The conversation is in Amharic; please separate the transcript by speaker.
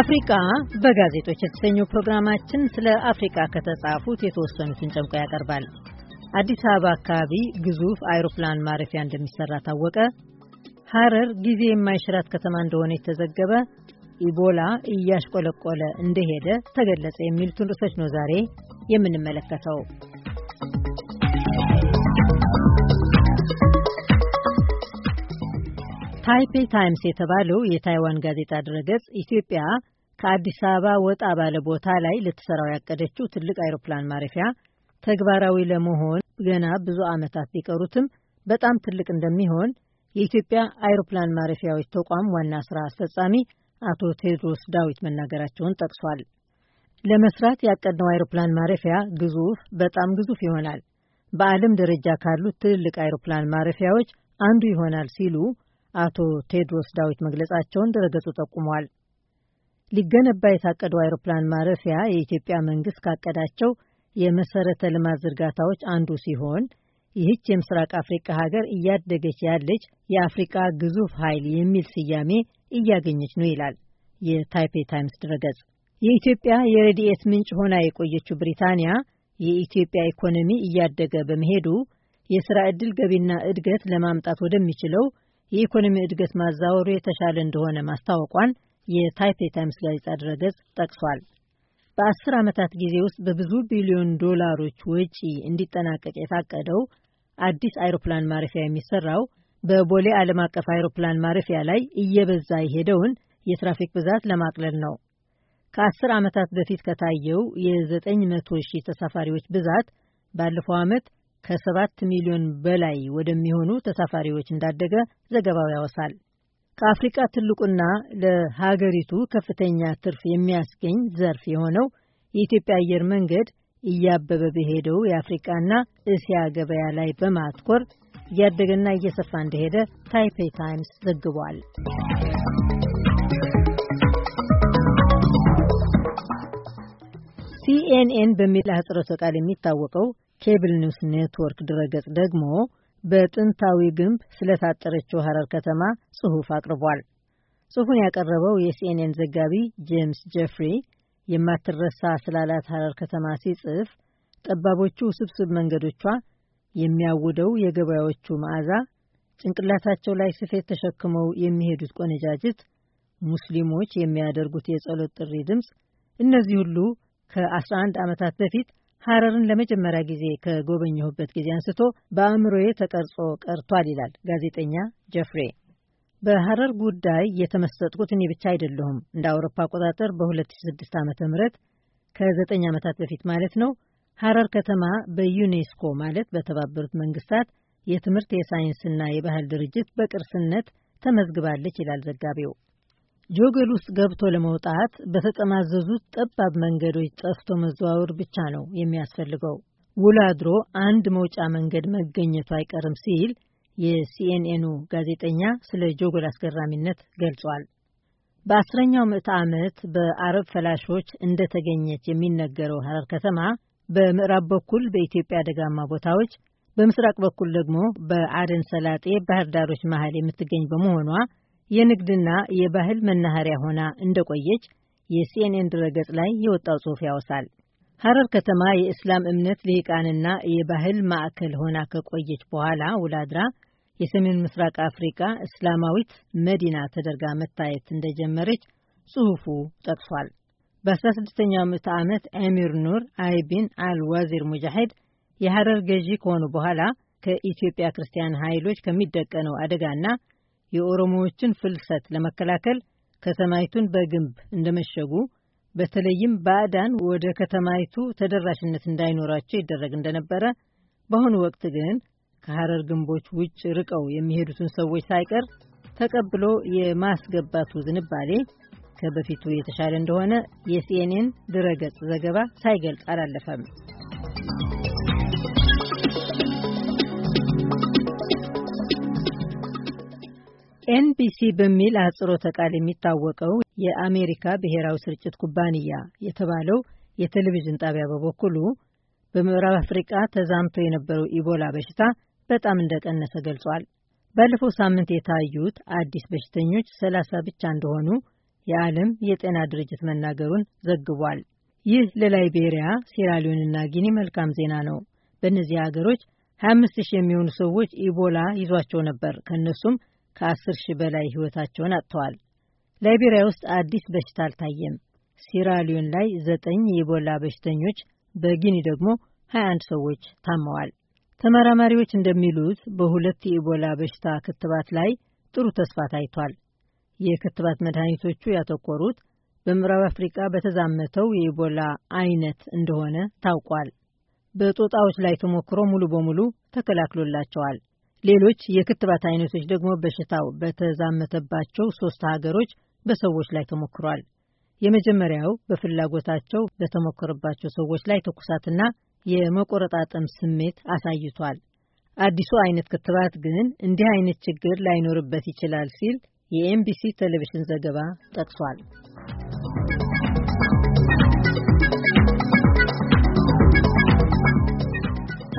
Speaker 1: አፍሪካ በጋዜጦች የተሰኘው ፕሮግራማችን ስለ አፍሪካ ከተጻፉት የተወሰኑትን ጨምቆ ያቀርባል። አዲስ አበባ አካባቢ ግዙፍ አይሮፕላን ማረፊያ እንደሚሰራ ታወቀ፣ ሐረር ጊዜ የማይሽራት ከተማ እንደሆነ የተዘገበ፣ ኢቦላ እያሽቆለቆለ እንደሄደ ተገለጸ፣ የሚሉትን ርዕሶች ነው ዛሬ የምንመለከተው። ታይፔ ታይምስ የተባለው የታይዋን ጋዜጣ ድረገጽ ኢትዮጵያ ከአዲስ አበባ ወጣ ባለ ቦታ ላይ ልትሰራው ያቀደችው ትልቅ አይሮፕላን ማረፊያ ተግባራዊ ለመሆን ገና ብዙ ዓመታት ቢቀሩትም በጣም ትልቅ እንደሚሆን የኢትዮጵያ አይሮፕላን ማረፊያዎች ተቋም ዋና ስራ አስፈጻሚ አቶ ቴድሮስ ዳዊት መናገራቸውን ጠቅሷል። ለመስራት ያቀድነው አይሮፕላን ማረፊያ ግዙፍ፣ በጣም ግዙፍ ይሆናል፣ በዓለም ደረጃ ካሉት ትልልቅ አይሮፕላን ማረፊያዎች አንዱ ይሆናል ሲሉ አቶ ቴድሮስ ዳዊት መግለጻቸውን ድረገጹ ጠቁሟል። ሊገነባ የታቀደው አይሮፕላን ማረፊያ የኢትዮጵያ መንግስት ካቀዳቸው የመሰረተ ልማት ዝርጋታዎች አንዱ ሲሆን ይህች የምስራቅ አፍሪካ ሀገር እያደገች ያለች የአፍሪቃ ግዙፍ ኃይል የሚል ስያሜ እያገኘች ነው ይላል የታይፔ ታይምስ ድረገጽ። የኢትዮጵያ የረድኤት ምንጭ ሆና የቆየችው ብሪታንያ የኢትዮጵያ ኢኮኖሚ እያደገ በመሄዱ የሥራ ዕድል ገቢና እድገት ለማምጣት ወደሚችለው የኢኮኖሚ እድገት ማዛወሩ የተሻለ እንደሆነ ማስታወቋን የታይፔ ታይምስ ጋዜጣ ድረገጽ ጠቅሷል። በአስር ዓመታት ጊዜ ውስጥ በብዙ ቢሊዮን ዶላሮች ወጪ እንዲጠናቀቅ የታቀደው አዲስ አይሮፕላን ማረፊያ የሚሰራው በቦሌ ዓለም አቀፍ አይሮፕላን ማረፊያ ላይ እየበዛ የሄደውን የትራፊክ ብዛት ለማቅለል ነው። ከአስር ዓመታት በፊት ከታየው የ መቶ ሺህ ተሳፋሪዎች ብዛት ባለፈው ዓመት ከ7 ሚሊዮን በላይ ወደሚሆኑ ተሳፋሪዎች እንዳደገ ዘገባው ያወሳል። ከአፍሪቃ ትልቁና ለሀገሪቱ ከፍተኛ ትርፍ የሚያስገኝ ዘርፍ የሆነው የኢትዮጵያ አየር መንገድ እያበበ በሄደው የአፍሪቃና እስያ ገበያ ላይ በማትኮር እያደገና እየሰፋ እንደሄደ ታይፔ ታይምስ ዘግቧል። ሲኤንኤን በሚል አህጽሮተ ቃል የሚታወቀው ኬብል ኒውስ ኔትወርክ ድረገጽ ደግሞ በጥንታዊ ግንብ ስለታጠረችው ሐረር ከተማ ጽሑፍ አቅርቧል። ጽሑፉን ያቀረበው የሲኤንኤን ዘጋቢ ጄምስ ጄፍሪ የማትረሳ ስላላት ሐረር ከተማ ሲጽፍ ጠባቦቹ ውስብስብ መንገዶቿ፣ የሚያውደው የገበያዎቹ መዓዛ፣ ጭንቅላታቸው ላይ ስፌት ተሸክመው የሚሄዱት ቆነጃጅት፣ ሙስሊሞች የሚያደርጉት የጸሎት ጥሪ ድምፅ፣ እነዚህ ሁሉ ከ11 ዓመታት በፊት ሐረርን ለመጀመሪያ ጊዜ ከጎበኘሁበት ጊዜ አንስቶ በአእምሮዬ ተቀርጾ ቀርቷል ይላል ጋዜጠኛ ጀፍሬ። በሐረር ጉዳይ የተመሰጥኩት እኔ ብቻ አይደለሁም። እንደ አውሮፓ አቆጣጠር በ2006 ዓ ም ከ9 ዓመታት በፊት ማለት ነው ሐረር ከተማ በዩኔስኮ ማለት በተባበሩት መንግስታት የትምህርት የሳይንስና የባህል ድርጅት በቅርስነት ተመዝግባለች ይላል ዘጋቢው። ጆገል ውስጥ ገብቶ ለመውጣት በተጠማዘዙት ጠባብ መንገዶች ጠፍቶ መዘዋወር ብቻ ነው የሚያስፈልገው። ውሎ አድሮ አንድ መውጫ መንገድ መገኘቱ አይቀርም ሲል የሲኤንኤኑ ጋዜጠኛ ስለ ጆጎል አስገራሚነት ገልጿል። በአስረኛው ምዕተ ዓመት በአረብ ፈላሾች እንደተገኘች የሚነገረው ሐረር ከተማ በምዕራብ በኩል በኢትዮጵያ ደጋማ ቦታዎች፣ በምስራቅ በኩል ደግሞ በአደን ሰላጤ ባህር ዳሮች መሀል የምትገኝ በመሆኗ የንግድና የባህል መናኸሪያ ሆና እንደቆየች የሲኤንኤን ድረገጽ ላይ የወጣው ጽሑፍ ያወሳል። ሐረር ከተማ የእስላም እምነት ልሂቃንና የባህል ማዕከል ሆና ከቆየች በኋላ ውላድራ የሰሜን ምስራቅ አፍሪካ እስላማዊት መዲና ተደርጋ መታየት እንደጀመረች ጽሑፉ ጠቅሷል። በ16ኛው ምዕተ ዓመት አሚር ኑር አይቢን አልዋዚር ሙጃሂድ የሐረር ገዢ ከሆኑ በኋላ ከኢትዮጵያ ክርስቲያን ኃይሎች ከሚደቀነው አደጋና የኦሮሞዎችን ፍልሰት ለመከላከል ከተማይቱን በግንብ እንደመሸጉ በተለይም ባዕዳን ወደ ከተማይቱ ተደራሽነት እንዳይኖራቸው ይደረግ እንደነበረ፣ በአሁኑ ወቅት ግን ከሐረር ግንቦች ውጭ ርቀው የሚሄዱትን ሰዎች ሳይቀር ተቀብሎ የማስገባቱ ዝንባሌ ከበፊቱ የተሻለ እንደሆነ የሲኤንኤን ድረገጽ ዘገባ ሳይገልጽ አላለፈም። ኤንቢሲ በሚል አጽሮተ ቃል የሚታወቀው የአሜሪካ ብሔራዊ ስርጭት ኩባንያ የተባለው የቴሌቪዥን ጣቢያ በበኩሉ በምዕራብ አፍሪቃ ተዛምቶ የነበረው ኢቦላ በሽታ በጣም እንደቀነሰ ገልጿል። ባለፈው ሳምንት የታዩት አዲስ በሽተኞች ሰላሳ ብቻ እንደሆኑ የዓለም የጤና ድርጅት መናገሩን ዘግቧል። ይህ ለላይቤሪያ፣ ሴራሊዮንና ጊኒ መልካም ዜና ነው። በእነዚህ ሀገሮች 25 ሺህ የሚሆኑ ሰዎች ኢቦላ ይዟቸው ነበር። ከእነሱም ከአስር ሺህ በላይ ሕይወታቸውን አጥተዋል። ላይቤሪያ ውስጥ አዲስ በሽታ አልታየም። ሲራሊዮን ላይ ዘጠኝ የኢቦላ በሽተኞች፣ በጊኒ ደግሞ 21 ሰዎች ታመዋል። ተመራማሪዎች እንደሚሉት በሁለት የኢቦላ በሽታ ክትባት ላይ ጥሩ ተስፋ ታይቷል። የክትባት መድኃኒቶቹ ያተኮሩት በምዕራብ አፍሪቃ በተዛመተው የኢቦላ አይነት እንደሆነ ታውቋል። በጦጣዎች ላይ ተሞክሮ ሙሉ በሙሉ ተከላክሎላቸዋል። ሌሎች የክትባት አይነቶች ደግሞ በሽታው በተዛመተባቸው ሶስት ሀገሮች በሰዎች ላይ ተሞክሯል። የመጀመሪያው በፍላጎታቸው በተሞከረባቸው ሰዎች ላይ ትኩሳትና የመቆረጣጠም ስሜት አሳይቷል። አዲሱ አይነት ክትባት ግን እንዲህ አይነት ችግር ላይኖርበት ይችላል ሲል የኤምቢሲ ቴሌቪዥን ዘገባ ጠቅሷል።